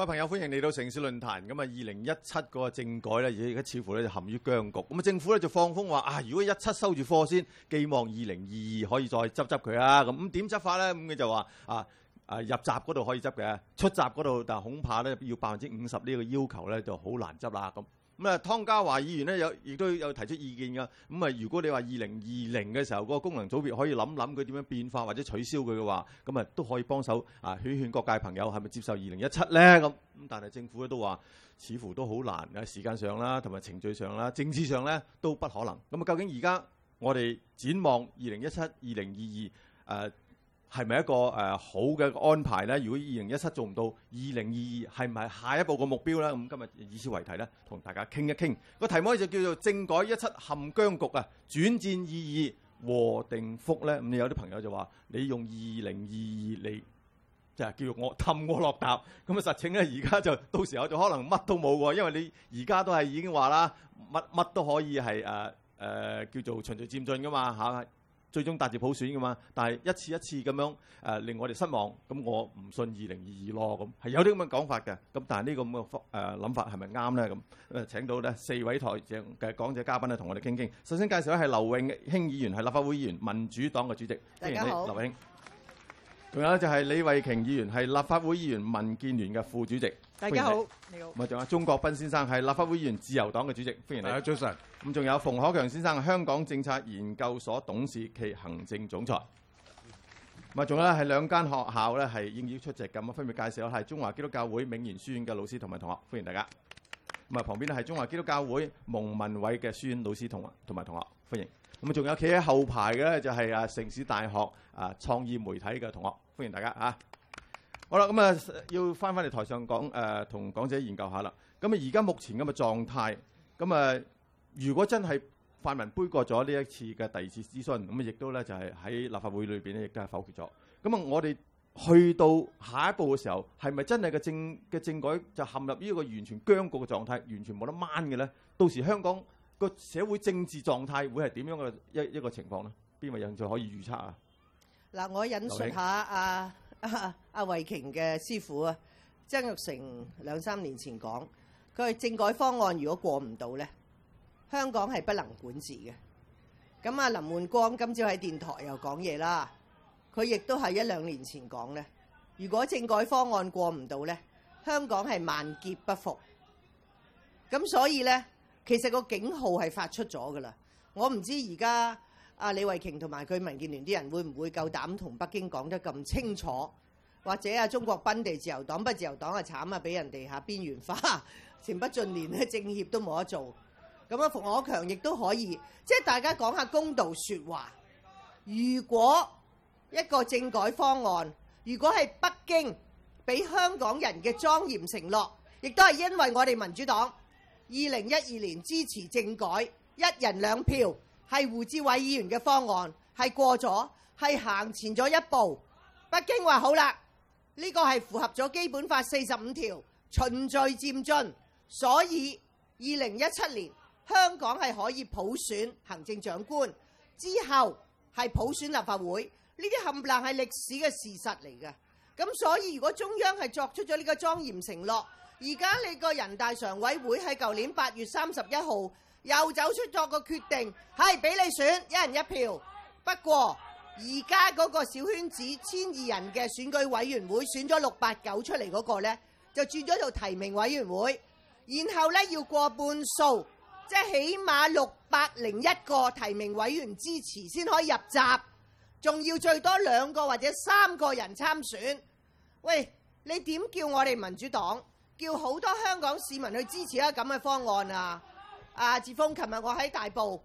各位朋友，歡迎嚟到城市論壇。咁啊，二零一七個政改咧，而家似乎咧就陷於僵局。咁啊，政府咧就放風話啊，如果一七收住貨先，寄望二零二二可以再執執佢啊。咁點執法咧？咁佢就話啊啊入閘嗰度可以執嘅，出閘嗰度，但恐怕咧要百分之五十呢個要求咧就好難執啦。咁。咁啊，湯家驊議員咧有亦都有提出意見噶，咁啊，如果你話二零二零嘅時候嗰個功能組別可以諗諗佢點樣變化或者取消佢嘅話，咁啊都可以幫手啊，勸勸各界朋友係咪接受二零一七呢？咁，咁但係政府咧都話，似乎都好難，時間上啦，同埋程序上啦，政治上咧都不可能。咁啊，究竟而家我哋展望二零一七、二零二二誒？係咪一個誒、呃、好嘅安排咧？如果二零一七做唔到，二零二二係唔係下一步嘅目標咧？咁今日以此為題咧，同大家傾一傾。個題目就叫做政改一七陷僵局啊，轉戰二二禍定福咧。咁你有啲朋友就話：你用二零二二你就係、叫我氹我落答。咁啊，實情咧，而家就到時候就可能乜都冇喎，因為你而家都係已經話啦，乜乜都可以係誒誒叫做循序漸進噶嘛嚇。最終達至普選㗎嘛？但係一次一次咁樣、呃、令我哋失望，咁我唔信二零二二咯，咁係有啲咁嘅講法嘅。但係、這個呃、呢個咁諗法係咪啱咧咁？請到咧四位台政嘅講者嘉賓咧，同我哋傾傾。首先介紹一係劉慧卿議員，係立法會議員、民主黨嘅主席。歡迎你，劉慧卿。仲有就係李慧瓊議員，係立法會議員、民建聯嘅副主席。大家好，你，你好。咪仲有鍾國斌先生係立法會議員、自由黨嘅主席，歡迎你。早、啊、晨。咁仲有馮可強先生，香港政策研究所董事暨行政總裁。咪仲咧係兩間學校咧係應邀出席咁，咁分別介紹，係中華基督教會銘賢書院嘅老師同埋同學，歡迎大家。咁啊，旁邊咧係中華基督教會蒙民偉嘅書院老師同同埋同學，歡迎。咁、就是、啊，仲有企喺後排嘅就係啊城市大學啊創意媒體嘅同學，歡迎大家嚇。啊好啦，咁啊要翻翻嚟台上講誒，同、嗯呃、港姐研究下啦。咁啊，而家目前咁嘅狀態，咁啊，如果真係泛民杯葛咗呢一次嘅第二次諮詢，咁啊，亦都咧就係、是、喺立法會裏邊咧亦都係否決咗。咁啊，我哋去到下一步嘅時候，係咪真係嘅政嘅政改就陷入呢一個完全僵局嘅狀態，完全冇得掹嘅咧？到時香港個社會政治狀態會係點樣嘅一一個情況咧？邊位人就可以預測啊？嗱、啊，我引述下啊。阿、啊啊、慧瓊嘅師傅啊，曾鈺成兩三年前講，佢係政改方案如果過唔到呢，香港係不能管治嘅。咁啊，林煥光今朝喺電台又講嘢啦，佢亦都係一兩年前講呢：「如果政改方案過唔到呢，香港係萬劫不復。」咁所以呢，其實個警號係發出咗㗎喇。我唔知而家。阿李慧瓊同埋佢民建聯啲人會唔會夠膽同北京講得咁清楚？或者阿鍾國斌哋自由黨不自由黨啊，慘啊，俾人哋下邊緣化，前不盡連嘅政協都冇得做。咁啊，馮可強亦都可以，即係大家講下公道説話。如果一個政改方案，如果係北京俾香港人嘅莊嚴承諾，亦都係因為我哋民主黨二零一二年支持政改，一人兩票，係胡志偉議員嘅方案係過咗，係行前咗一步。北京話好啦，呢個係符合咗基本法四十五條循序漸進，所以二零一七年香港係可以普選行政長官，之後係普選立法會。呢啲冚唪唥係歷史嘅事實嚟嘅。咁所以如果中央係作出咗呢個莊嚴承諾，而家你個人大常委會喺舊年八月三十一號。又走出作個決定，係俾你選一人一票。不過而家嗰個小圈子千二人嘅選舉委員會選咗六八九出嚟嗰個呢，就轉咗做提名委員會，然後呢，要過半數，即係起碼六百零一個提名委員支持先可以入閘，仲要最多兩個或者三個人參選。喂，你點叫我哋民主黨，叫好多香港市民去支持一個咁嘅方案啊？阿志峰，琴日我喺大埔，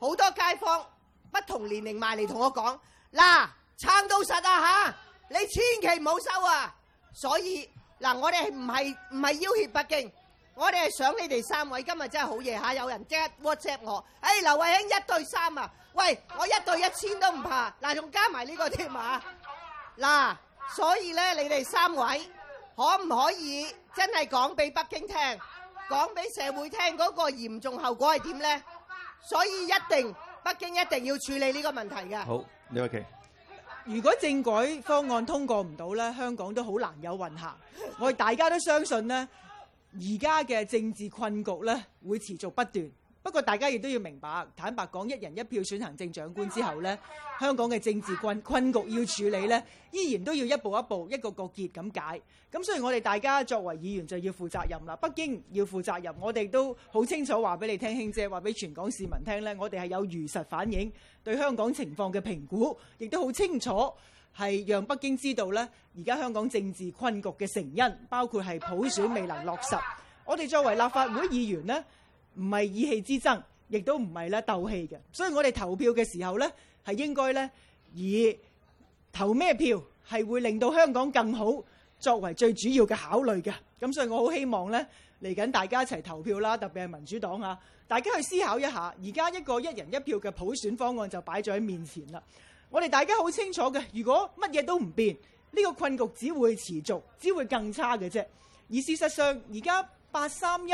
好多街坊不同年齡埋嚟同我講：嗱，撐到實啊嚇，你千祈唔好收啊！所以嗱，我哋唔係唔係要脅北京，我哋係想你哋三位今日真係好夜嚇，有人即刻 WhatsApp 我，誒，劉慧卿一對三啊，喂，我一對一千都唔怕，嗱，仲加埋呢個添啊，嗱，所以咧，你哋三位可唔可以真係講俾北京聽？講俾社會聽嗰個嚴重後果係點呢？所以一定北京一定要處理呢個問題嘅。好，李慧瓊。如果政改方案通過唔到呢，香港都好難有運行。我哋大家都相信呢，而家嘅政治困局呢，會持續不斷。不過，大家亦都要明白，坦白講，一人一票選行政長官之後呢，香港嘅政治困困局要處理呢，依然都要一步一步一個個結咁解。咁所以我哋大家作為議員就要負責任啦，北京要負責任，我哋都好清楚話俾你聽，卿姐話俾全港市民聽呢，我哋係有如實反映對香港情況嘅評估，亦都好清楚係讓北京知道呢，而家香港政治困局嘅成因，包括係普選未能落實。我哋作為立法會議員呢。唔係意氣之爭，亦都唔係啦鬥氣嘅，所以我哋投票嘅時候呢，係應該呢，以投咩票係會令到香港更好作為最主要嘅考慮嘅。咁所以我好希望呢，嚟緊大家一齊投票啦，特別係民主黨啊，大家去思考一下，而家一個一人一票嘅普選方案就擺咗喺面前啦。我哋大家好清楚嘅，如果乜嘢都唔變，呢個困局只會持續，只會更差嘅啫。而事實上，而家八三一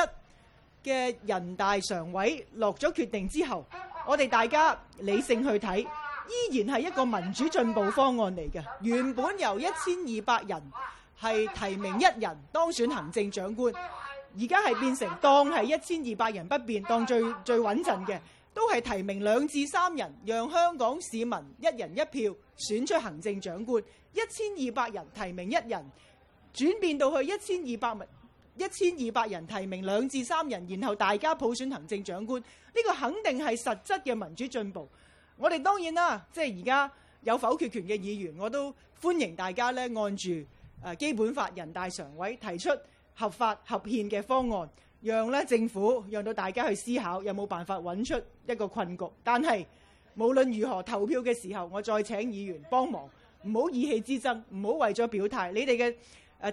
嘅人大常委落咗決定之後，我哋大家理性去睇，依然係一個民主進步方案嚟嘅。原本由一千二百人係提名一人當選行政長官，而家係變成當係一千二百人不變當最最穩陣嘅，都係提名兩至三人，讓香港市民一人一票選出行政長官。一千二百人提名一人，轉變到去一千二百人。一千二百人提名兩至三人，然後大家普選行政長官，呢個肯定係實質嘅民主進步。我哋當然啦，即係而家有否決權嘅議員，我都歡迎大家咧按住基本法人大常委提出合法合憲嘅方案，讓咧政府讓到大家去思考有冇辦法揾出一個困局。但係無論如何投票嘅時候，我再請議員幫忙，唔好意氣之爭，唔好為咗表態，你哋嘅。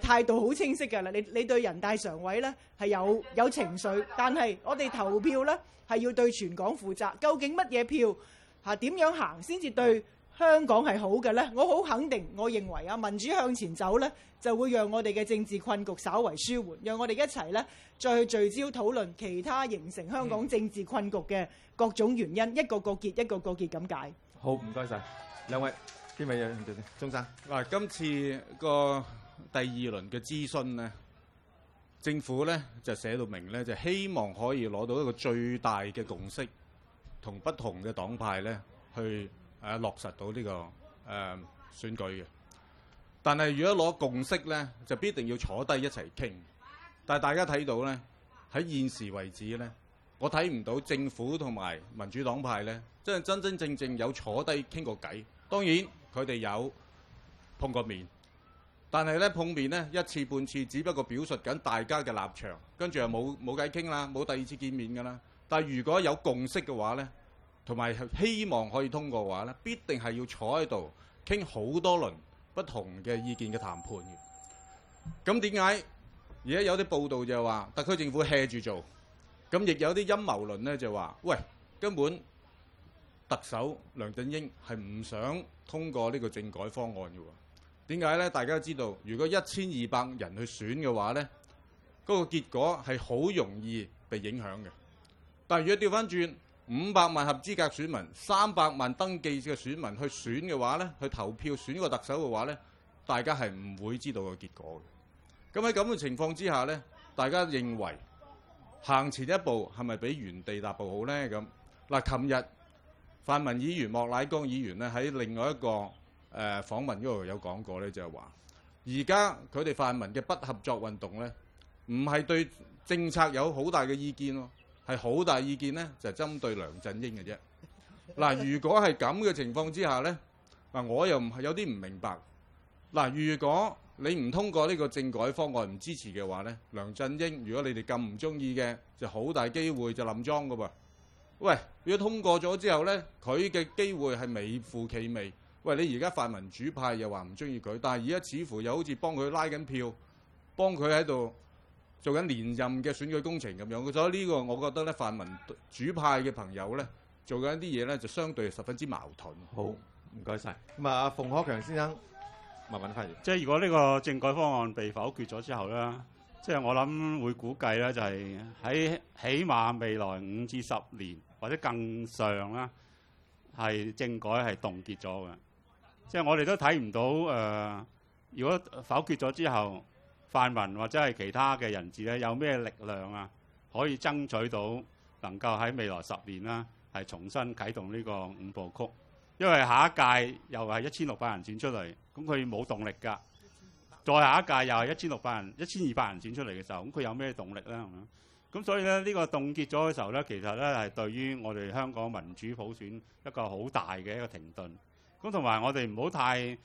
誒態度好清晰㗎啦！你，你對人大常委呢，係有有情緒，但係我哋投票呢係要對全港負責。究竟乜嘢票嚇點樣行先至對香港係好嘅呢？我好肯定，我認為啊，民主向前走呢，就會讓我哋嘅政治困局稍為舒緩，讓我哋一齊呢，再去聚焦討論其他形成香港政治困局嘅各種原因，嗯、一個一個結一個一個結咁解。好，唔該晒，兩位，邊位？鍾生，啊。今次個。第二輪嘅諮詢咧，政府咧就寫到明咧，就希望可以攞到一個最大嘅共識，同不同嘅黨派咧去誒、啊、落實到呢個誒、呃、選舉嘅。但係如果攞共識咧，就必定要坐低一齊傾。但係大家睇到咧，喺現時為止咧，我睇唔到政府同埋民主黨派咧，真係真真正正有坐低傾過偈。當然佢哋有碰過面。但係咧碰面呢一次半次，只不過表述緊大家嘅立場，跟住又冇冇計傾啦，冇第二次見面㗎啦。但係如果有共識嘅話呢，同埋希望可以通過嘅話咧，必定係要坐喺度傾好多輪不同嘅意見嘅談判嘅。咁點解而家有啲報道就係話特區政府 hea 住做，咁亦有啲陰謀論呢，就話：喂，根本特首梁振英係唔想通過呢個政改方案嘅喎。點解咧？大家都知道，如果一千二百人去選嘅話咧，嗰、那個結果係好容易被影響嘅。但係如果調翻轉五百萬合資格選民、三百萬登記嘅選民去選嘅話咧，去投票選個特首嘅話咧，大家係唔會知道個結果嘅。咁喺咁嘅情況之下咧，大家認為行前一步係咪比原地踏步好咧？咁嗱，琴日泛民議員莫乃光議員咧喺另外一個。誒、呃、訪問嗰度有講過咧，就係話而家佢哋泛民嘅不合作運動咧，唔係對政策有好大嘅意見咯，係好大意見咧就係、是、針對梁振英嘅啫。嗱、啊，如果係咁嘅情況之下咧，嗱，我又唔係有啲唔明白。嗱、啊，如果你唔通過呢個政改方案，唔支持嘅話咧，梁振英如果你哋咁唔中意嘅，就好大機會就冧莊㗎喎。喂，如果通過咗之後咧，佢嘅機會係微乎其微。喂，你而家泛民主派又話唔中意佢，但係而家似乎又好似幫佢拉緊票，幫佢喺度做緊連任嘅選舉工程咁樣。所以呢個我覺得咧，泛民主派嘅朋友咧做緊啲嘢咧，就相對十分之矛盾。好，唔該晒。咁啊，馮可強先生，麻煩你發言。即係如果呢個政改方案被否決咗之後咧，即係我諗會估計咧，就係喺起碼未來五至十年或者更上啦，係政改係凍結咗嘅。即係我哋都睇唔到誒、呃，如果否決咗之後，泛民或者係其他嘅人士咧，有咩力量啊，可以爭取到能夠喺未來十年啦、啊，係重新啟動呢個五部曲。因為下一屆又係一千六百人選出嚟，咁佢冇動力㗎。再下一屆又係一千六百人、一千二百人選出嚟嘅時候，咁佢有咩動力咧？咁所以咧，呢、這個凍結咗嘅時候咧，其實咧係對於我哋香港民主普選一個好大嘅一個停頓。咁同埋我哋唔好太，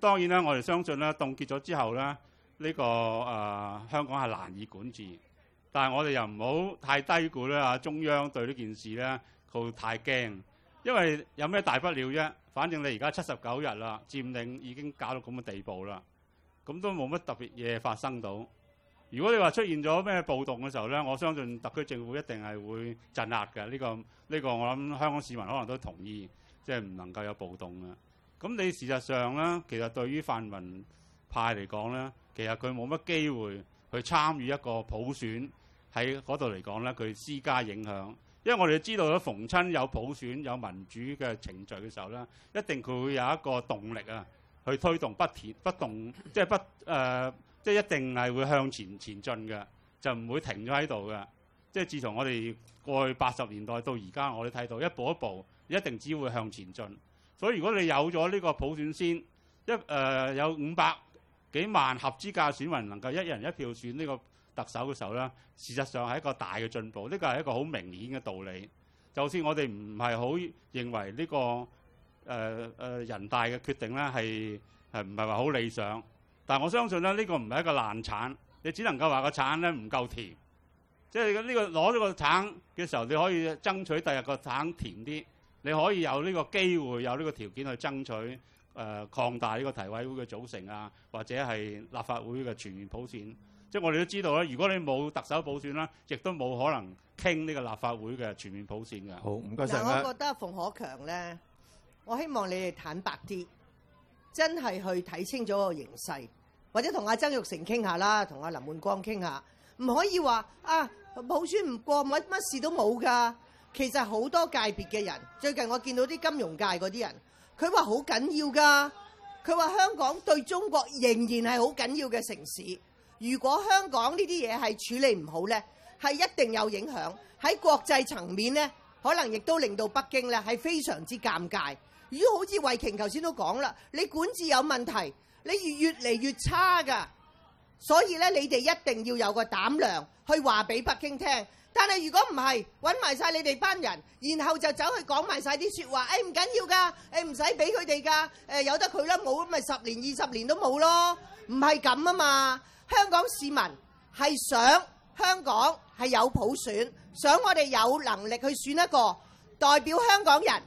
當然啦，我哋相信咧，凍結咗之後咧，呢個誒香港係難以管治。但係我哋又唔好太低估咧啊中央對呢件事咧，佢太驚，因為有咩大不了啫？反正你而家七十九日啦，佔領已經搞到咁嘅地步啦，咁都冇乜特別嘢發生到。如果你話出現咗咩暴動嘅時候咧，我相信特區政府一定係會鎮壓嘅。呢個呢個我諗香港市民可能都同意。即係唔能夠有暴動啊！咁你事實上咧，其實對於泛民派嚟講咧，其實佢冇乜機會去參與一個普選喺嗰度嚟講咧，佢施加影響。因為我哋知道咗逢親有普選有民主嘅程序嘅時候咧，一定佢會有一個動力啊，去推動不前、不動，即係不誒、呃，即係一定係會向前前進嘅，就唔會停咗喺度嘅。即係自從我哋過去八十年代到而家，我哋睇到一步一步。一定只會向前進，所以如果你有咗呢個普選先一誒、呃、有五百幾萬合資格選民能夠一人一票選呢個特首嘅時候咧，事實上係一個大嘅進步。呢個係一個好明顯嘅道理。就算我哋唔係好認為呢、這個誒誒、呃呃、人大嘅決定咧係係唔係話好理想，但係我相信咧呢、這個唔係一個爛橙，你只能夠話個橙咧唔夠甜，即係呢、這個攞咗個橙嘅時候，你可以爭取第日個橙甜啲。你可以有呢個機會，有呢個條件去爭取誒擴、呃、大呢個提委會嘅組成啊，或者係立法會嘅全面普選。即係我哋都知道啦，如果你冇特首普選啦、啊，亦都冇可能傾呢個立法會嘅全面普選嘅。好，唔該曬。嗱、啊，我覺得馮可強咧，我希望你哋坦白啲，真係去睇清楚個形勢，或者同阿、啊、曾玉成傾下啦，同阿林煥光傾下，唔、啊、可以話啊普選唔過，乜乜事都冇㗎。其實好多界別嘅人，最近我見到啲金融界嗰啲人，佢話好緊要㗎。佢話香港對中國仍然係好緊要嘅城市。如果香港呢啲嘢係處理唔好呢，係一定有影響。喺國際層面呢，可能亦都令到北京呢係非常之尷尬。如果好似慧瓊頭先都講啦，你管治有問題，你越嚟越差㗎。所以呢，你哋一定要有個膽量去話俾北京聽。但係如果唔係揾埋曬你哋班人，然後就走去講埋曬啲説話，誒唔緊要噶，誒唔使俾佢哋噶，誒由得佢啦，冇咪十年二十年都冇咯，唔係咁啊嘛！香港市民係想香港係有普選，想我哋有能力去選一個代表香港人，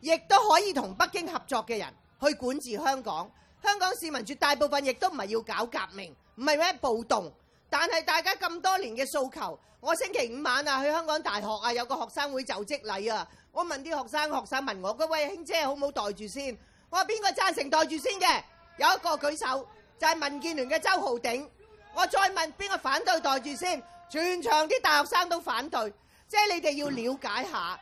亦都可以同北京合作嘅人去管治香港。香港市民絕大部分亦都唔係要搞革命，唔係咩暴動。但係大家咁多年嘅訴求，我星期五晚啊去香港大學啊，有個學生會就職禮啊。我問啲學生，學生問我：，各位兄姐好唔好袋住先？我話邊個贊成袋住先嘅？有一個舉手，就係民建聯嘅周浩鼎。我再問邊個反對袋住先？全場啲大學生都反對，即係你哋要了解下，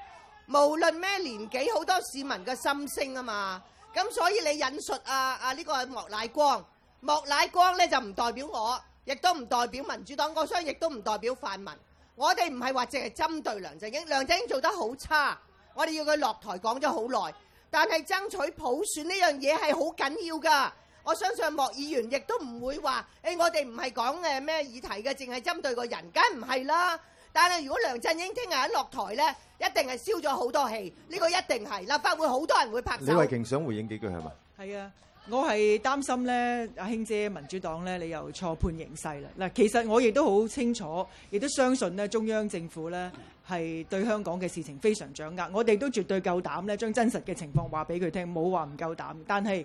無論咩年紀，好多市民嘅心聲啊嘛。咁所以你引述啊啊呢個係莫乃光，莫乃光咧就唔代表我，亦都唔代表民主黨，我想亦都唔代表泛民。我哋唔係話淨係針對梁振英，梁振英做得好差，我哋要佢落台講咗好耐。但係爭取普選呢樣嘢係好緊要㗎。我相信莫議員亦都唔會話：，誒、欸、我哋唔係講嘅咩議題嘅，淨係針對個人，梗唔係啦。但係如果梁振英聽日一落台呢，一定係消咗好多氣，呢、這個一定係立法會好多人會拍手。李慧瓊想回應幾句係咪？係啊。我係擔心咧，阿、啊、卿姐民主黨咧，你又錯判形勢啦。嗱，其實我亦都好清楚，亦都相信咧，中央政府咧係對香港嘅事情非常掌握。我哋都絕對夠膽咧，將真實嘅情況話俾佢聽，冇話唔夠膽。但係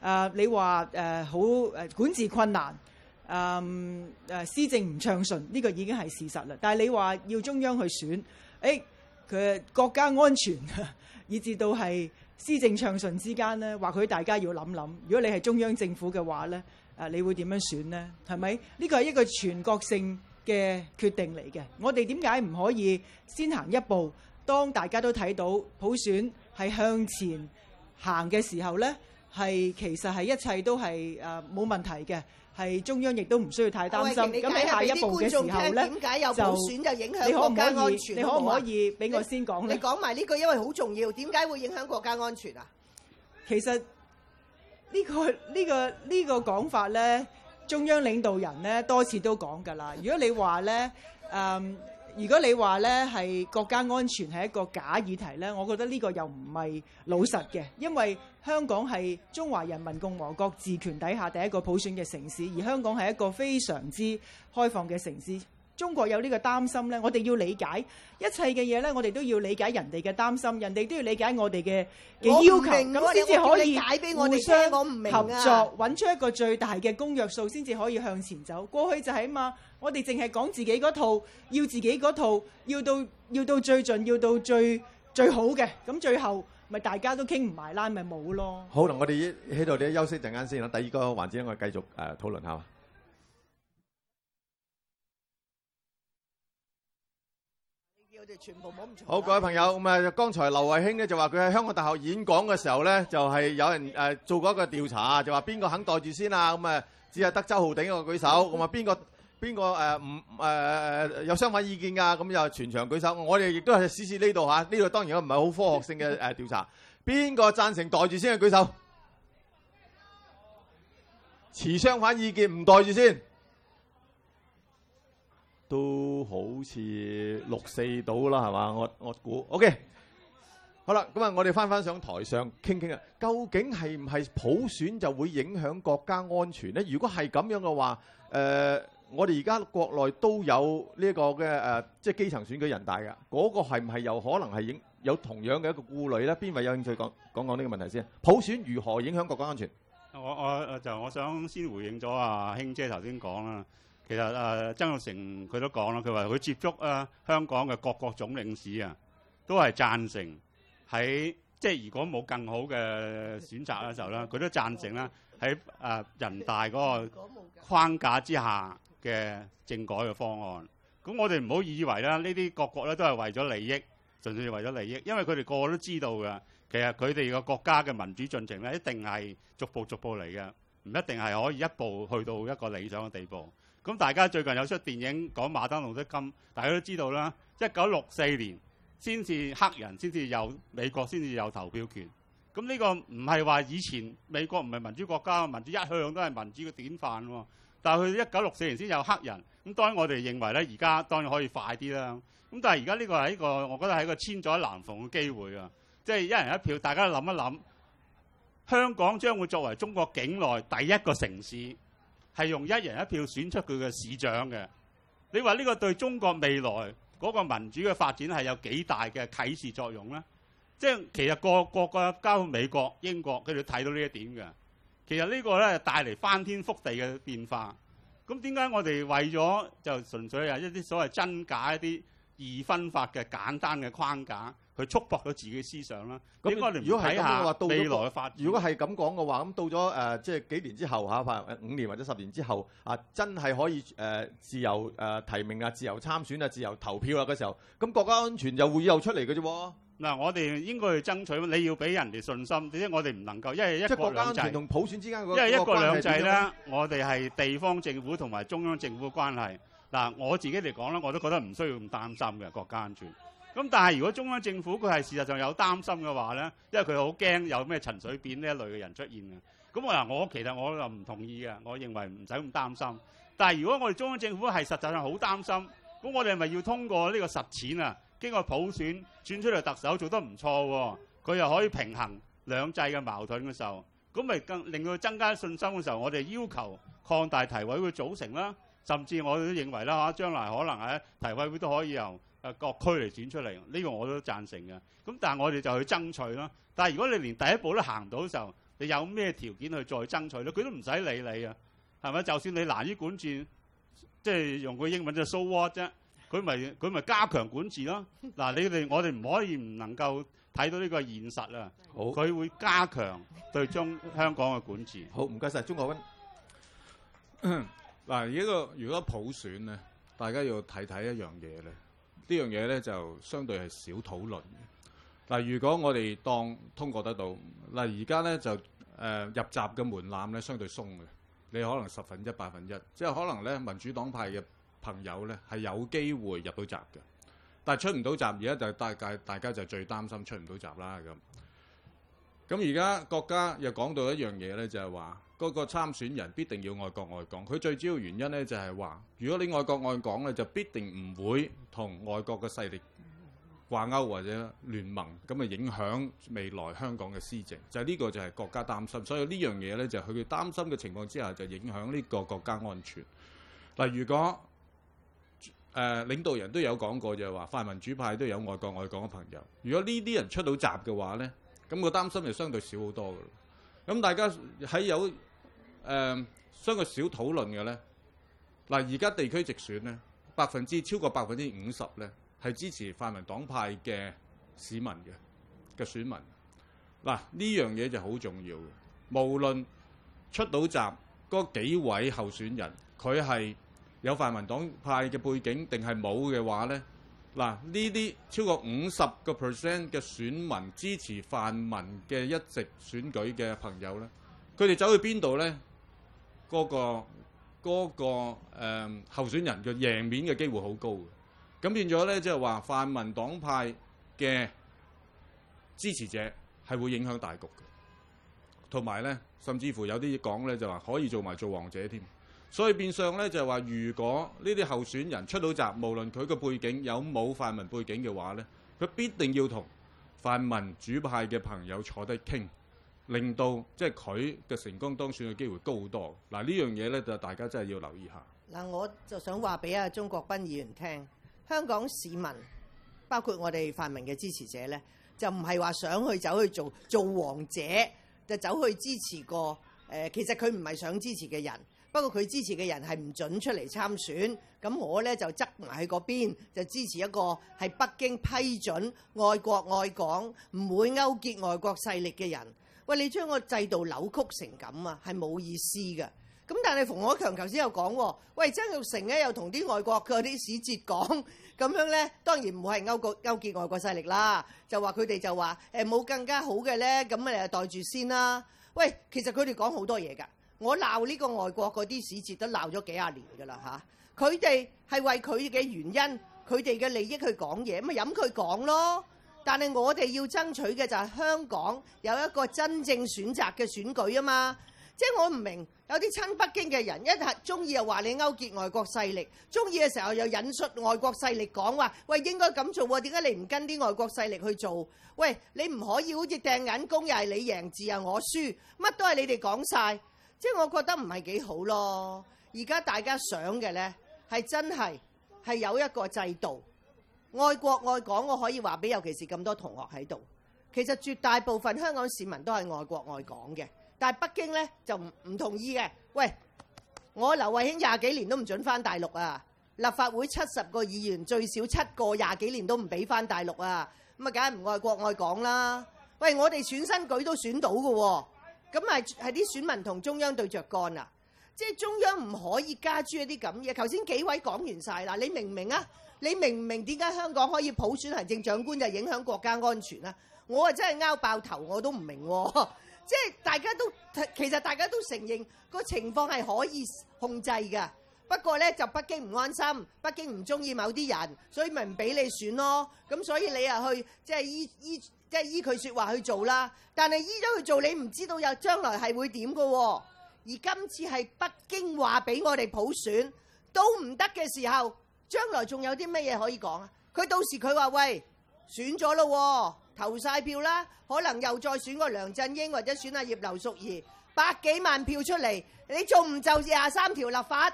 啊、呃，你話誒、呃、好誒、呃、管治困難，誒誒施政唔暢順，呢、這個已經係事實啦。但係你話要中央去選，誒、哎、佢國家安全，以至到係。施政暢順之間呢，或許大家要諗諗。如果你係中央政府嘅話呢，誒，你會點樣選呢？係咪？呢個係一個全國性嘅決定嚟嘅。我哋點解唔可以先行一步？當大家都睇到普選係向前行嘅時候呢？係，其實係一切都係誒冇問題嘅，係中央亦都唔需要太擔心。咁喺下一步嘅時候咧，點解有普選就影響國家安全？你可唔可以？你可唔可以俾我先講咧？你講埋呢句，因為好重要。點解會影響國家安全啊？其實呢個呢個呢個講法咧，中央領導人咧多次都講㗎啦。如果你話咧，嗯。如果你話咧，國家安全係一個假議題，我覺得呢個又唔係老實嘅，因為香港係中華人民共和國治權底下第一個普選嘅城市，而香港係一個非常之開放嘅城市。中國有呢個擔心咧，我哋要理解一切嘅嘢咧，我哋都要理解人哋嘅擔心，人哋都要理解我哋嘅嘅要求，咁先至可以解俾我哋聽。合作搵出一個最大嘅公約數，先至可以向前走。過去就係啊嘛，我哋淨係講自己嗰套，要自己嗰套，要到要到最盡，要到最最好嘅，咁最後咪大家都傾唔埋啦，咪冇咯。好，嗱，我哋喺度咧休息陣間先啦。第二個環節咧，我哋繼續誒討論下嘛。全部好，各位朋友，咁啊，剛才劉慧卿呢，就話佢喺香港大學演講嘅時候呢，就係有人誒做過一個調查，就話邊個肯袋住先啊？咁啊，只係得周浩鼎個舉手，咁啊邊個邊個誒唔誒誒有相反意見噶？咁又全場舉手，我哋亦都係試試呢度吓，呢度當然唔係好科學性嘅誒調查，邊個贊成袋住先啊？舉手持相反意見唔袋住先。都好似六四到啦，係嘛？我我估，OK，好啦，咁啊，我哋翻翻上台上傾傾啊，究竟係唔係普選就會影響國家安全呢？如果係咁樣嘅話，誒、呃，我哋而家國內都有呢、這個嘅誒，即、啊、係、就是、基層選舉人大嘅，嗰、那個係唔係有可能係影有同樣嘅一個顧慮呢？邊位有興趣講講講呢個問題先？普選如何影響國家安全？我我就我想先回應咗阿卿姐頭先講啦。其實誒，曾鈺成佢都講啦，佢話佢接觸啊香港嘅各國總領事啊，都係贊成喺即係如果冇更好嘅選擇嘅時候咧，佢都贊成啦喺誒人大嗰個框架之下嘅政改嘅方案。咁我哋唔好以為啦，呢啲各國咧都係為咗利益，純粹係為咗利益，因為佢哋個個都知道嘅，其實佢哋嘅國家嘅民主進程咧一定係逐步逐步嚟嘅，唔一定係可以一步去到一個理想嘅地步。咁大家最近有出電影講馬丁路德金，大家都知道啦。一九六四年先至黑人先至有美國先至有投票權。咁呢個唔係話以前美國唔係民主國家，民主一向都係民主嘅典範喎。但係佢一九六四年先有黑人。咁當然我哋認為咧，而家當然可以快啲啦。咁但係而家呢個係一個，我覺得係一個千載難逢嘅機會啊！即係一人一票，大家諗一諗，香港將會作為中國境內第一個城市。係用一人一票選出佢嘅市長嘅，你話呢個對中國未來嗰個民主嘅發展係有幾大嘅啟示作用咧？即係其實各國嘅，包括美國、英國，佢哋睇到呢一點嘅。其實呢個咧帶嚟翻天覆地嘅變化。咁點解我哋為咗就純粹係一啲所謂真假一啲二分法嘅簡單嘅框架，去束縛咗自己思想啦。咁、嗯、如果係咁到未來發展；如果係咁講嘅話，咁到咗誒，即、呃、係、就是、幾年之後嚇，五、啊、年或者十年之後啊，真係可以誒、呃、自由誒、呃、提名啊、自由參選啊、自由投票啊嘅時候，咁國家安全就會又出嚟嘅啫。嗱、嗯，我哋應該去爭取，你要俾人哋信心，點解我哋唔能夠，因為一、就是、國家安全同普選之間嗰個關係。因為一國兩制咧，我哋係地方政府同埋中央政府嘅關係。嗱、嗯，我自己嚟講咧，我都覺得唔需要咁擔心嘅國家安全。咁但係如果中央政府佢係事實上有擔心嘅話呢，因為佢好驚有咩陳水扁呢一類嘅人出現。咁我嗱，我其實我就唔同意嘅，我認為唔使咁擔心。但係如果我哋中央政府係實際上好擔心，咁我哋咪要通過呢個實踐啊，經過普選選出嚟特首做得唔錯，佢又可以平衡兩制嘅矛盾嘅時候，咁咪更令佢增加信心嘅時候，我哋要求擴大提委會組成啦，甚至我哋都認為啦嚇，將來可能喺提委會都可以由，誒各區嚟選出嚟，呢、這個我都贊成嘅。咁但係我哋就去爭取咯。但係如果你連第一步都行唔到時候，你有咩條件去再爭取咧？佢都唔使理你啊，係咪？就算你難於管治，即、就、係、是、用個英文就 so what 啫，佢咪佢咪加強管治咯？嗱， 你哋我哋唔可以唔能夠睇到呢個現實啊！好，佢會加強對中香港嘅管治。好，唔該晒，鍾國斌嗱，呢個 如果普選咧，大家要睇睇一樣嘢咧。這樣東西呢樣嘢咧就相對係少討論嘅。嗱，如果我哋當通過得到，嗱而家咧就誒、呃、入閘嘅門檻咧相對鬆嘅，你可能十分一、百分一，即、就、係、是、可能咧民主黨派嘅朋友咧係有機會入到閘嘅，但係出唔到閘。而家就大家大家就最擔心出唔到閘啦咁。咁而家國家又講到一樣嘢咧，就係、是、話。嗰個參選人必定要愛國愛港，佢最主要原因呢，就係話，如果你愛國愛港呢就必定唔會同外國嘅勢力掛鈎或者聯盟，咁啊影響未來香港嘅施政，就係呢個就係國家擔心。所以呢樣嘢呢，就佢嘅擔心嘅情況之下，就影響呢個國家安全。嗱，如果誒領導人都有講過就係話，泛民主派都有愛國愛港嘅朋友，如果呢啲人出到閘嘅話呢，咁個擔心就相對少好多。咁大家喺有誒、呃、相對少討論嘅咧，嗱而家地區直選咧，百分之超過百分之五十咧係支持泛民黨派嘅市民嘅嘅選民嗱呢、啊、樣嘢就好重要嘅。無論出到閘嗰幾位候選人，佢係有泛民黨派嘅背景定係冇嘅話咧。嗱，呢啲超過五十個 percent 嘅選民支持泛民嘅一席選舉嘅朋友咧，佢哋走去邊度咧？嗰個嗰個誒候選人嘅贏面嘅機會好高嘅，咁變咗咧，即係話泛民黨派嘅支持者係會影響大局嘅，同埋咧，甚至乎有啲講咧就話可以做埋做王者添。所以變相咧就係話，如果呢啲候選人出到閘，無論佢個背景有冇泛民背景嘅話咧，佢必定要同泛民主派嘅朋友坐低傾，令到即係佢嘅成功當選嘅機會高好多。嗱、啊、呢樣嘢咧就大家真係要留意一下嗱。我就想話俾阿鍾國斌議員聽，香港市民包括我哋泛民嘅支持者咧，就唔係話想去走去做做王者，就走去支持個誒、呃，其實佢唔係想支持嘅人。不過佢支持嘅人係唔准出嚟參選，咁我呢就執埋喺嗰邊，就支持一個係北京批准、愛國愛港、唔會勾結外國勢力嘅人。喂，你將個制度扭曲成咁啊，係冇意思㗎。咁但係馮可強頭先又講喎，喂，曾玉成呢又同啲外國佢啲使節講，咁樣呢當然唔係勾結勾結外國勢力啦，就話佢哋就話誒冇更加好嘅呢，咁誒袋住先啦。喂，其實佢哋講好多嘢㗎。我鬧呢個外國嗰啲使節都鬧咗幾廿年㗎啦嚇，佢哋係為佢嘅原因，佢哋嘅利益去講嘢，咁咪任佢講咯。但係我哋要爭取嘅就係香港有一個真正選擇嘅選舉啊嘛。即係我唔明有啲親北京嘅人一係中意又話你勾結外國勢力，中意嘅時候又引述外國勢力講話，喂，應該咁做喎、啊，點解你唔跟啲外國勢力去做？喂，你唔可以好似掟銀，工又係你贏，字又我輸，乜都係你哋講晒。」即係我覺得唔係幾好咯，而家大家想嘅呢，係真係係有一個制度，愛國愛港，我可以話俾尤其是咁多同學喺度。其實絕大部分香港市民都係愛國愛港嘅，但係北京呢，就唔同意嘅。喂，我劉慧卿廿幾年都唔準翻大陸啊！立法會七十個議員最少七個廿幾年都唔俾翻大陸啊！咁啊，梗係唔愛國愛港啦！喂，我哋選新舉都選到嘅喎。咁係係啲選民同中央對著幹啊！即係中央唔可以加諸一啲咁嘢。頭先幾位講完晒啦，你明唔明啊？你明唔明點解香港可以普選行政長官就是、影響國家安全啊？我啊真係拗爆頭，我都唔明、啊。即係大家都其實大家都承認個情況係可以控制㗎。不過呢，就北京唔安心，北京唔中意某啲人，所以咪唔俾你選咯。咁所以你又去即係即係依佢說話去做啦，但係依咗去做，你唔知道有將來係會點㗎喎。而今次係北京話俾我哋普選都唔得嘅時候，將來仲有啲咩嘢可以講啊？佢到時佢話喂，選咗咯，投晒票啦，可能又再選個梁振英或者選阿葉劉淑儀百幾萬票出嚟，你仲唔就住廿三條立法？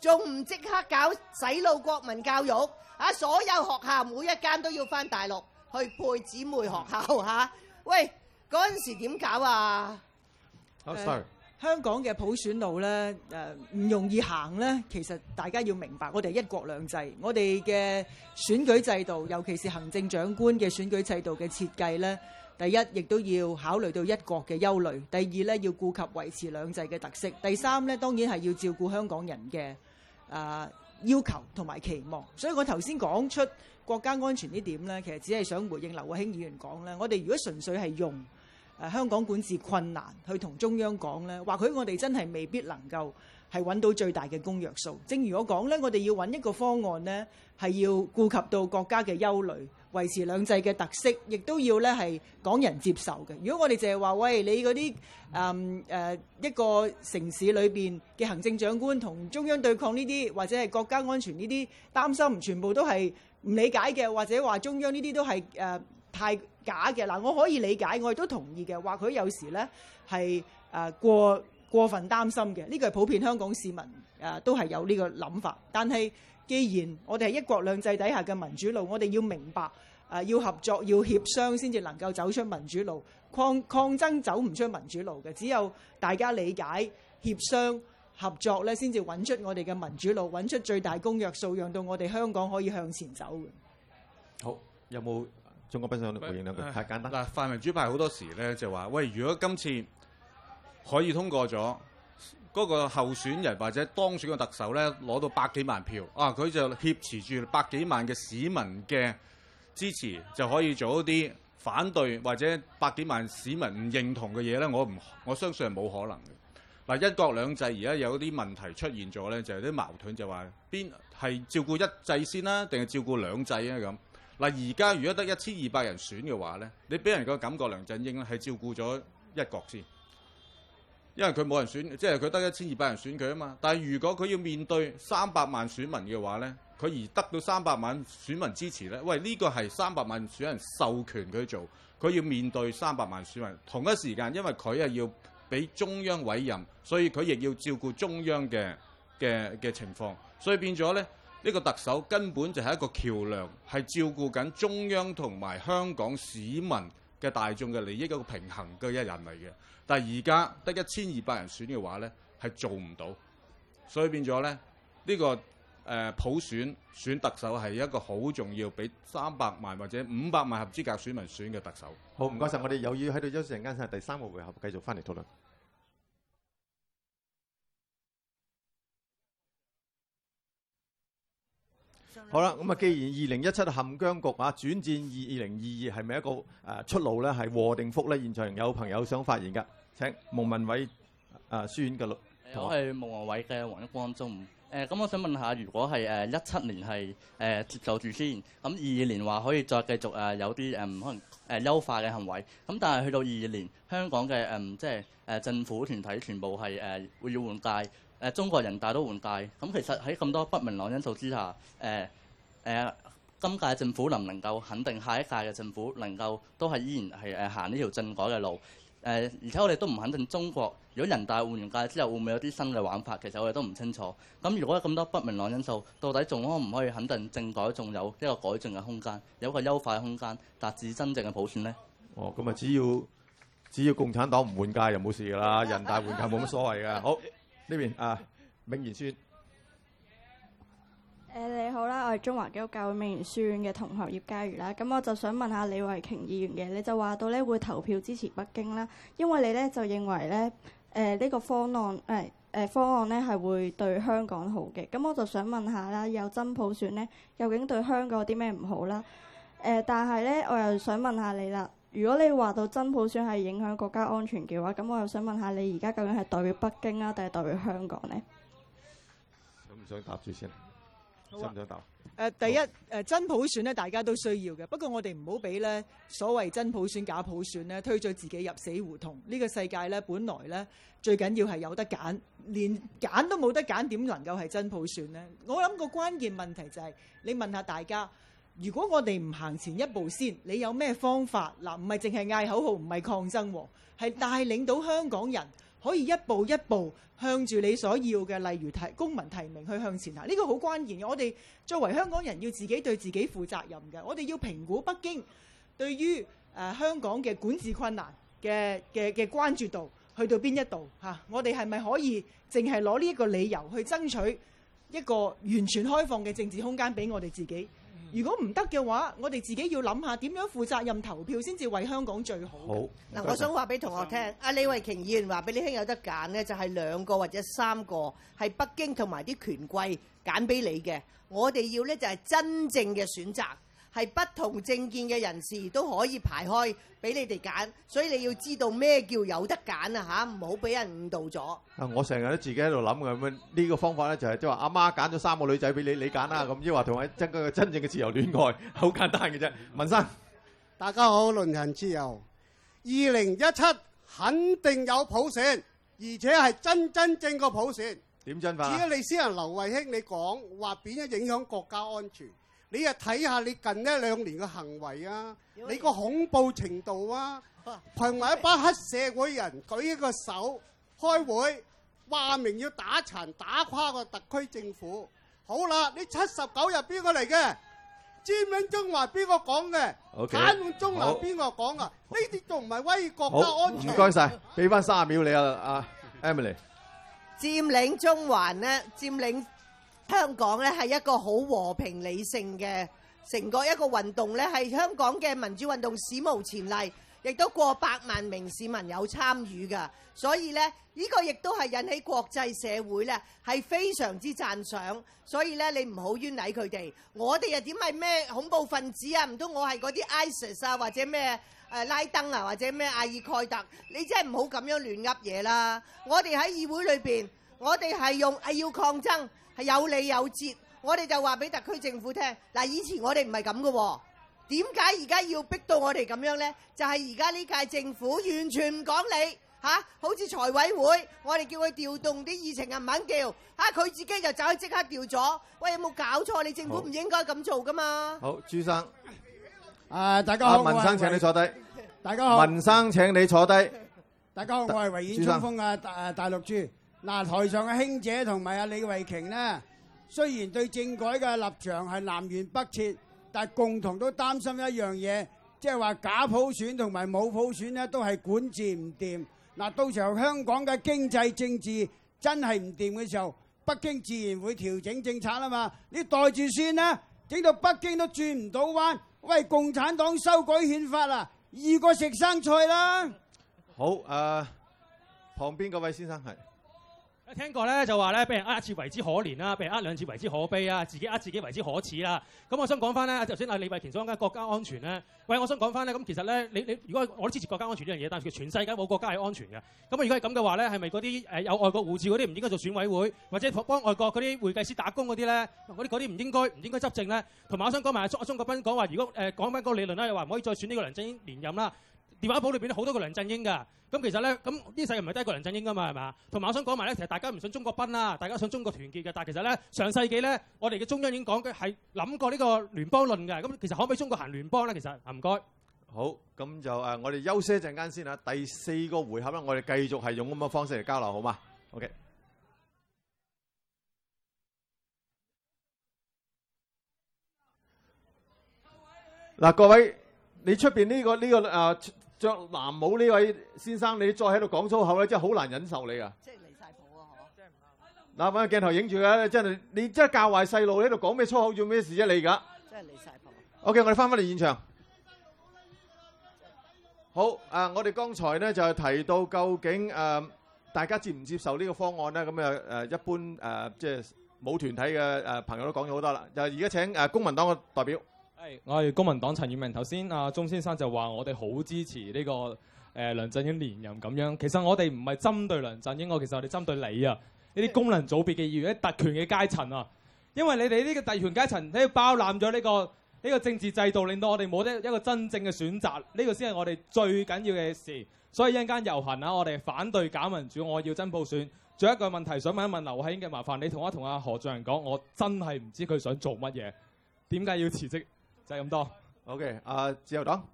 仲唔即刻搞洗腦國民教育？啊，所有學校每一間都要翻大陸。去配姊妹學校嚇，喂，嗰陣時點搞啊？呃、香港嘅普選路咧，誒、呃、唔容易行咧。其實大家要明白，我哋一國兩制，我哋嘅選舉制度，尤其是行政長官嘅選舉制度嘅設計咧，第一亦都要考慮到一國嘅憂慮，第二咧要顧及維持兩制嘅特色，第三咧當然係要照顧香港人嘅啊。呃要求同埋期望，所以我頭先講出國家安全呢點咧，其實只係想回應劉慧卿議員講咧，我哋如果純粹係用誒香港管治困難去同中央講咧，或許我哋真係未必能夠係揾到最大嘅公約數。正如我講咧，我哋要揾一個方案咧，係要顧及到國家嘅憂慮。維持兩制嘅特色，亦都要咧係港人接受嘅。如果我哋淨係話，喂，你嗰啲誒誒一個城市裏邊嘅行政長官同中央對抗呢啲，或者係國家安全呢啲擔心，全部都係唔理解嘅，或者話中央呢啲都係誒、呃、太假嘅。嗱、呃，我可以理解，我亦都同意嘅。話佢有時呢係誒、呃、過過分擔心嘅，呢、呢個係普遍香港市民誒、呃、都係有呢個諗法，但係。既然我哋係一國兩制底下嘅民主路，我哋要明白，誒、啊、要合作、要協商先至能夠走出民主路，抗抗爭走唔出民主路嘅。只有大家理解、協商合作咧，先至揾出我哋嘅民主路，揾出最大公約數，讓到我哋香港可以向前走嘅。好，有冇鍾國斌想回應兩句？哎？太簡單。嗱，泛民主派好多時咧就話，喂，如果今次可以通過咗。嗰、那個候選人或者當選嘅特首呢，攞到百幾萬票，啊佢就挾持住百幾萬嘅市民嘅支持，就可以做一啲反對或者百幾萬市民唔認同嘅嘢呢，我唔我，相信係冇可能嘅。嗱、啊、一國兩制而家有啲問題出現咗呢，就係、是、啲矛盾就話邊係照顧一制先啦，定係照顧兩制啊？咁嗱，而家如果得一千二百人選嘅話呢，你俾人個感覺梁振英係照顧咗一國先。因為佢冇人選，即係佢得一千二百人選舉啊嘛。但係如果佢要面對三百萬選民嘅話呢，佢而得到三百萬選民支持呢？喂，呢個係三百萬選人授權佢做。佢要面對三百萬選民，同一時間，因為佢係要俾中央委任，所以佢亦要照顧中央嘅嘅嘅情況。所以變咗呢，呢個特首根本就係一個橋梁，係照顧緊中央同埋香港市民嘅大眾嘅利益一個平衡嘅一人嚟嘅。但係而家得一千二百人選嘅話咧，係做唔到，所以變咗咧呢、這個誒、呃、普選選特首係一個好重要，俾三百萬或者五百萬合資格選民選嘅特首。好，唔該晒，我哋又要喺度休息陣間先，第三個回合繼續翻嚟討論。好啦，咁啊，既然二零一七陷僵局啊，轉戰二零二二係咪一個誒、啊、出路咧？係禍定福咧？現場有朋友想發言噶？請毛文偉啊，書院嘅律，我係毛文偉嘅黃一光，中午誒，咁我想問下，如果係誒一七年係誒、呃、接受住先，咁二二年話可以再繼續誒有啲誒可能誒優、呃、化嘅行為，咁但係去到二二年，香港嘅誒、呃、即係誒、呃、政府團體全部係誒、呃、會要換屆，誒、呃、中國人大都換屆，咁、呃、其實喺咁多不明朗因素之下，誒、呃、誒、呃、今屆政府能唔能夠肯定下一屆嘅政府能夠都係依然係誒、呃、行呢條政改嘅路？誒、呃，而且我哋都唔肯定中國，如果人大換完屆之後會唔會有啲新嘅玩法？其實我哋都唔清楚。咁如果有咁多不明朗因素，到底仲可唔可以肯定政改仲有一個改進嘅空間，有一個優化嘅空間達至真正嘅普選呢？哦，咁啊，只要只要共產黨唔換屆就冇事㗎啦，人大換屆冇乜所謂嘅。好，呢邊啊，明言說。誒你好啦，我係中華基督教會明園書院嘅同學葉嘉如啦。咁我就想問下李慧瓊議員嘅，你就話到咧會投票支持北京啦，因為你咧就認為咧誒呢、呃這個方案誒誒、呃、方案咧係會對香港好嘅。咁我就想問下啦，有真普選咧，究竟對香港有啲咩唔好啦？誒、呃，但係咧，我又想問下你啦，如果你話到真普選係影響國家安全嘅話，咁我又想問下你而家究竟係代表北京啦、啊，定係代表香港呢？想唔想答住先？想，第一，真普選咧，大家都需要嘅。不過我哋唔好俾咧所謂真普選假普選咧，推咗自己入死胡同。呢、呢個世界呢，本來呢最緊要係有得揀，連揀都冇得揀，點能夠係真普選呢？我諗個關鍵問題就係、是、你問下大家，如果我哋唔行前一步先，你有咩方法嗱？唔係淨係嗌口號，唔係抗爭，係帶領到香港人。可以一步一步向住你所要嘅，例如提公民提名去向前行，呢個好關鍵。我哋作為香港人，要自己對自己負責任嘅。我哋要評估北京對於誒香港嘅管治困難嘅嘅嘅關注度去到邊一度吓，我哋係咪可以淨係攞呢一個理由去爭取一個完全開放嘅政治空間俾我哋自己？如果唔得嘅話我哋自己要諗下點樣負責任投票先至為香港最好。好謝謝，我想話俾同學聽，阿李慧瓊議員話俾你聽，有得揀嘅就係兩個或者三個係北京同埋啲權貴揀俾你嘅，我哋要嘅就係真正嘅選擇，係不同政見嘅人士都可以排開俾你哋揀，所以你要知道咩叫有得揀啊嚇，唔好俾人誤導咗啊。我成日都自己喺度諗嘅，呢個方法咧就係即係話阿媽揀咗三個女仔俾你，你揀啦咁，即係話同我增加真正嘅自由戀愛，好簡單嘅啫。文生，大家好，論壇自由。二零一七肯定有普選，而且係真真正個普選。點真法？只要你私人劉慧卿，你講話，變咗影響國家安全。你又睇下你近一兩年嘅行為啊，你個恐怖程度啊，同埋一班黑社會人舉一個手開會，話明要打殘打垮個特區政府。好啦，你七十九日邊個嚟嘅？佔領中環邊個講嘅？反、okay，中流邊個講啊？呢啲仲唔係威國家安全？唔該曬，俾翻三十秒你啊，阿 Emily。佔領中環咧、啊，佔領。香港咧係一個好和平理性嘅成個一個運動咧，係香港嘅民主運動史無前例，亦都過百萬名市民有參與噶。所以咧，呢個亦都係引起國際社會咧係非常之讚賞。所以咧，你唔好冤枉佢哋，我哋又點係咩恐怖分子啊？唔通我係嗰啲 ISIS 啊，或者咩誒拉登啊，或者咩阿爾蓋特？你真係唔好咁樣亂噏嘢啦！我哋喺議會裏邊，我哋係用係要抗爭。係有理有節，我哋就話俾特區政府聽。嗱，以前我哋唔係咁嘅喎，點解而家要逼到我哋咁樣咧？就係而家呢屆政府完全唔講理吓，好似財委會，我哋叫佢調動啲議程，又唔肯調，吓佢自己就走去即刻調咗。喂，有冇搞錯？你政府唔應該咁做噶嘛？好，朱生，誒大家好，文生請你坐低。大家好，文生請你坐低。大家好，我係維園春風嘅大大，大，大陸豬。朱嗱，台上嘅卿姐同埋阿李慧瓊呢，雖然對政改嘅立場係南轅北轍，但共同都擔心一樣嘢，即係話假普選同埋冇普選呢，都係管治唔掂。嗱，到時候香港嘅經濟政治真係唔掂嘅時候，北京自然會調整政策啦嘛。你待住先啦，整到北京都轉唔到彎，喂共產黨修改憲法啦，易過食生菜啦。好，誒、呃，旁邊嗰位先生係。聽過咧就話咧，俾人呃一次為之可憐啊，俾人呃兩次為之可悲啊，自己呃自己為之可恥啦、啊。咁我想講翻咧，頭先阿李慧瓊所講嘅國家安全咧，喂，我想講翻咧，咁其實咧，你你如果我都支持國家安全呢樣嘢，但係全世界冇國家係安全嘅。咁如果係咁嘅話咧，係咪嗰啲誒有外國護照嗰啲唔應該做選委會，或者幫外國嗰啲會計師打工嗰啲咧，嗰啲嗰啲唔應該唔應該執政咧？同埋我想講埋阿鍾鍾國斌講話，如果誒、呃、講翻嗰個理論咧，又話唔可以再選呢個梁振英連任啦。電話簿裏邊咧，好多個梁振英噶，咁其實咧，咁呢世唔係得一個梁振英噶嘛，係咪啊？同埋我想講埋咧，其實大家唔想中國崩啦，大家想中國團結嘅，但係其實咧上世紀咧，我哋嘅中央已經講嘅係諗過呢個聯邦論嘅，咁其實可唔可以中國行聯邦咧？其實唔該。好，咁就誒，我哋休息一陣間先啦，第四個回合咧，我哋繼續係用咁嘅方式嚟交流，好嗎？OK。嗱，各位，你出面呢個呢個誒？着藍帽呢位先生，你再喺度講粗口咧，真係好難忍受你噶。即係離曬譜啊！嗬。嗱，揾個鏡頭影住佢，真係你真係教壞細路，喺度講咩粗口做咩事啫？你而家，真係離曬譜。OK，我哋翻返嚟現場。好啊，我哋剛才咧就係提到究竟誒大家接唔接受呢個方案咧？咁啊誒一般誒即係冇團體嘅誒朋友都講咗好多啦。就而家請誒公民黨嘅代表。係，我係公民黨陳宇明。頭先阿鍾先生就話我哋好支持呢、這個誒、呃、梁振英連任咁樣。其實我哋唔係針對梁振英，我其實我哋針對你啊，呢啲功能組別嘅議員、呢啲特權嘅階層啊。因為你哋呢個特權階層喺度包攬咗呢個呢、這個政治制度，令到我哋冇得一個真正嘅選擇。呢、這個先係我哋最緊要嘅事。所以一陣間遊行啊，我哋反對假民主，我要真普選。仲有一個問題想問一問劉慧卿嘅麻煩，你同我同阿何俊仁講，我真係唔知佢想做乜嘢，點解要辭職？就係咁多。O K，阿自由黨，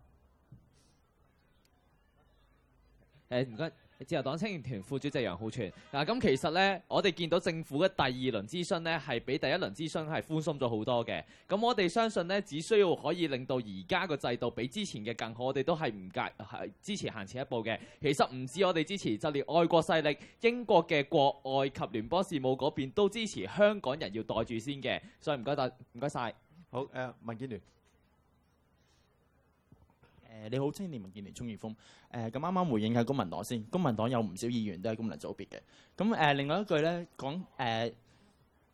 誒唔該，自由黨青年團副主席楊浩全。嗱，咁其實咧，我哋見到政府嘅第二輪諮詢咧，係比第一輪諮詢係寬鬆咗好多嘅。咁我哋相信咧，只需要可以令到而家個制度比之前嘅更好，我哋都係唔介意支持行前一步嘅。其實唔止我哋支持，就連外國勢力、英國嘅國外及聯邦事務嗰邊都支持香港人要袋住先嘅。所以唔該曬，唔該曬。好，誒、uh, 民建聯。你好，青年民建聯鐘業峯。咁啱啱回應下公民黨先，公民黨有唔少議員都係功能組別嘅。咁、呃、另外一句咧講、呃、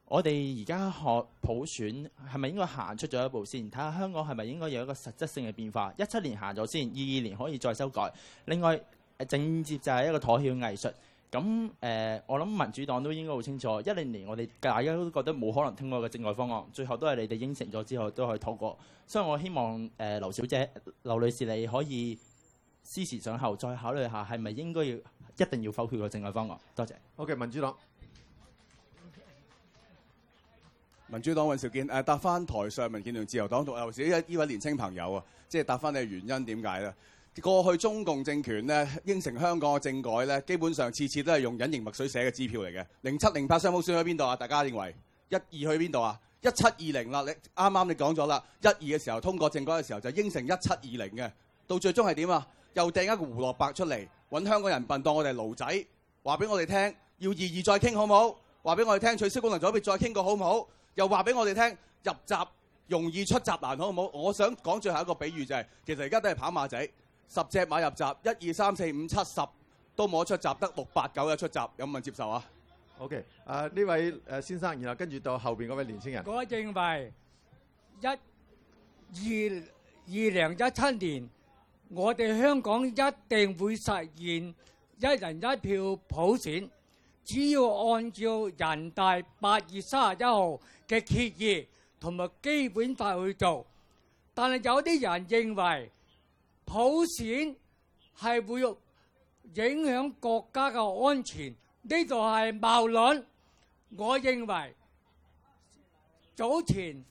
我哋而家學普選係咪應該行出咗一步先？睇下香港係咪應該有一個實質性嘅變化？一七年行咗先，二二年可以再修改。另外政改、呃、就係一個妥協藝術。咁誒、呃，我諗民主黨都應該好清楚，一零年我哋大家都覺得冇可能通過嘅政改方案，最後都係你哋應承咗之後都可以通過。所以我希望誒劉、呃、小姐、劉女士，你可以思前想後，再考慮下係咪應該要一定要否決個政改方案。多謝。o、okay, k 民主黨，民主黨尹兆堅誒，啊、答翻台上民建聯、自由黨同劉小姐呢位年輕朋友啊，即係答翻你嘅原因點解咧？過去中共政權咧應承香港嘅政改咧，基本上次次都係用隱形墨水寫嘅支票嚟嘅。零七零八雙普選喺邊度啊？大家認為一二去邊度啊？一七二零啦，你啱啱你講咗啦，一二嘅時候通過政改嘅時候就應承一七二零嘅，到最終係點啊？又掟一個胡蘿蔔出嚟，揾香港人笨，當我哋係奴仔，話俾我哋聽要二二再傾好唔好？話俾我哋聽取消功能組別再傾過好唔好？又話俾我哋聽入閘容易出閘難好唔好？我想講最後一個比喻就係、是、其實而家都係跑馬仔。十隻馬入閘，一二三四五七十都冇出閘，得六八九一出閘，有冇人接受啊？Ok 誒呢位誒先生，然後跟住到後邊嗰位年輕人。我認為一二二零一七年，我哋香港一定會實現一人一票普選，只要按照人大八月三十一號嘅決議同埋基本法去做。但係有啲人認為。普選係會影響國家嘅安全，呢度係謬論。我認為早前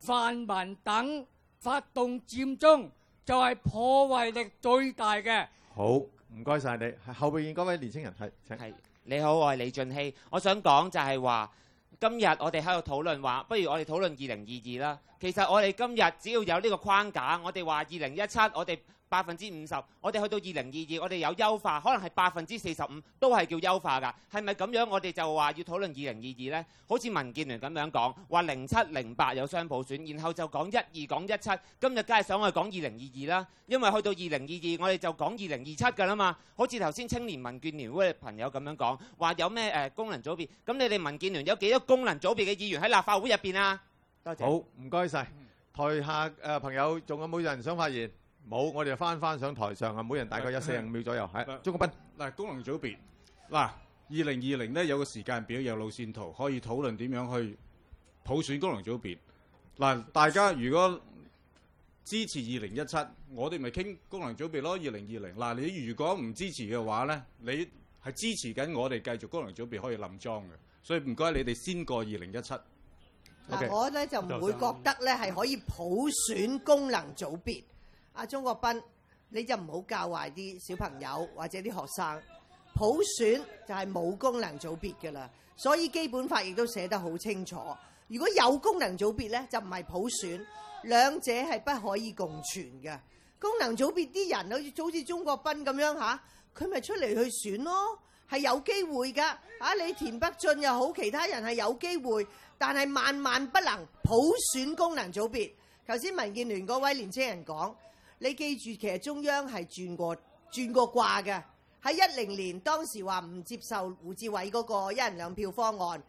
泛民等發動佔中，就係破壞力最大嘅。好，唔該曬你。後邊嗰位年青人，係請。係你好，我係李俊熙。我想講就係話，今日我哋喺度討論話，不如我哋討論二零二二啦。其實我哋今日只要有呢個框架，我哋話二零一七，我哋。百分之五十，我哋去到二零二二，我哋有優化，可能係百分之四十五都係叫優化噶。係咪咁樣？我哋就話要討論二零二二呢？好似民建聯咁樣講，話零七零八有雙普選，然後就講一二講一七，今日梗係想我哋講二零二二啦。因為去到二零二二，我哋就講二零二七噶啦嘛。好似頭先青年民建聯會朋友咁樣講，話有咩、呃、功能組別？咁你哋民建聯有幾多功能組別嘅議員喺立法會入邊啊？多謝，謝。好，唔該晒！台下、呃、朋友，仲有冇人想發言？冇，我哋就翻翻上台上啊，每人大概一四五秒左右。係，鍾國斌，嗱，功能組別，嗱二零二零咧有個時間表，有路線圖，可以討論點樣去普選功能組別。嗱，大家如果支持二零一七，我哋咪傾功能組別咯。二零二零，嗱，你如果唔支持嘅話咧，你係支持緊我哋繼續功能組別可以冧莊嘅，所以唔該你哋先過二零一七。嗱、okay, 我咧就唔會覺得咧係可以普選功能組別。阿鍾國斌，你就唔好教壞啲小朋友或者啲學生。普選就係冇功能組別㗎啦，所以基本法亦都寫得好清楚。如果有功能組別呢，就唔係普選，兩者係不可以共存嘅。功能組別啲人好似好似鍾國斌咁樣嚇，佢咪出嚟去選咯，係有機會㗎嚇。你田北俊又好，其他人係有機會，但係萬萬不能普選功能組別。頭先民建聯嗰位年青人講。你記住，其實中央係轉過轉過卦嘅。喺一零年當時話唔接受胡志偉嗰個一人兩票方案，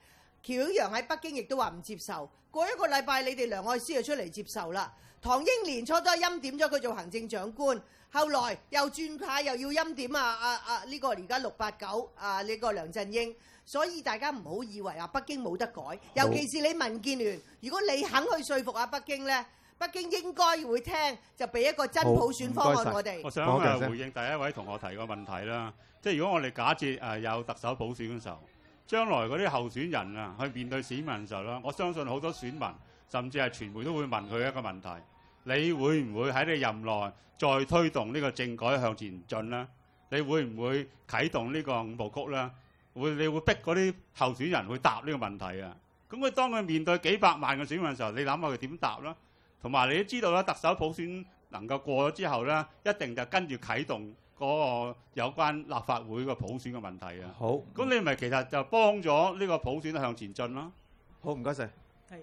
喬曉陽喺北京亦都話唔接受。過一個禮拜，你哋梁愛詩就出嚟接受啦。唐英年初都係欽點咗佢做行政長官，後來又轉派又要欽點啊啊啊！呢個而家六八九啊，呢、這個啊這個梁振英。所以大家唔好以為啊，北京冇得改。尤其是你民建聯，如果你肯去說服啊北京呢。北京應該會聽，就俾一個真普選方案我哋。我想啊，回應第一位同學提個問題啦，即係如果我哋假設誒有特首普選嘅時候，將來嗰啲候選人啊去面對市民嘅時候咧，我相信好多選民甚至係傳媒都會問佢一個問題：你會唔會喺你任內再推動呢個政改向前進呢？你會唔會啟動呢個五步曲呢？會，你會逼嗰啲候選人去答呢個問題啊？咁佢當佢面對幾百萬嘅選民嘅時候，你諗下佢點答啦？同埋你都知道啦，特首普選能夠過咗之後咧，一定就跟住啟動嗰個有關立法會個普選嘅問題啊。好，咁你咪其實就幫咗呢個普選向前進咯。好，唔該晒，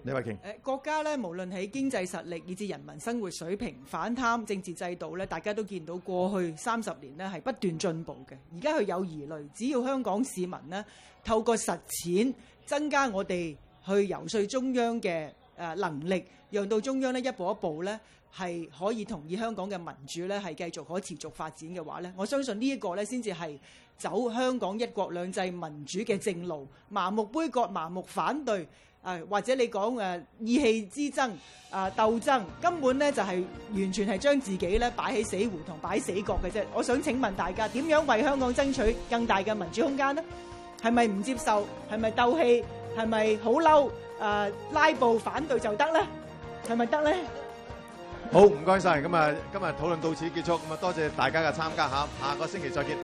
李慧瓊。誒，國家咧無論喺經濟實力以至人民生活水平、反貪政治制度咧，大家都見到過去三十年咧係不斷進步嘅。而家佢有疑慮，只要香港市民咧透過實踐增加我哋去遊說中央嘅。誒能力讓到中央咧一步一步咧係可以同意香港嘅民主咧係繼續可持續發展嘅話咧，我相信呢一個咧先至係走香港一國兩制民主嘅正路。麻木杯葛、麻木反對誒，或者你講誒意氣之爭啊鬥爭，根本咧就係完全係將自己咧擺喺死胡同、擺死角嘅啫。我想請問大家點樣為香港爭取更大嘅民主空間呢？係咪唔接受？係咪鬥氣？係咪好嬲？誒拉布反對就得咧？係咪得咧？好唔該曬，咁啊今日討論到此結束，咁啊多謝大家嘅參加嚇，下個星期再見。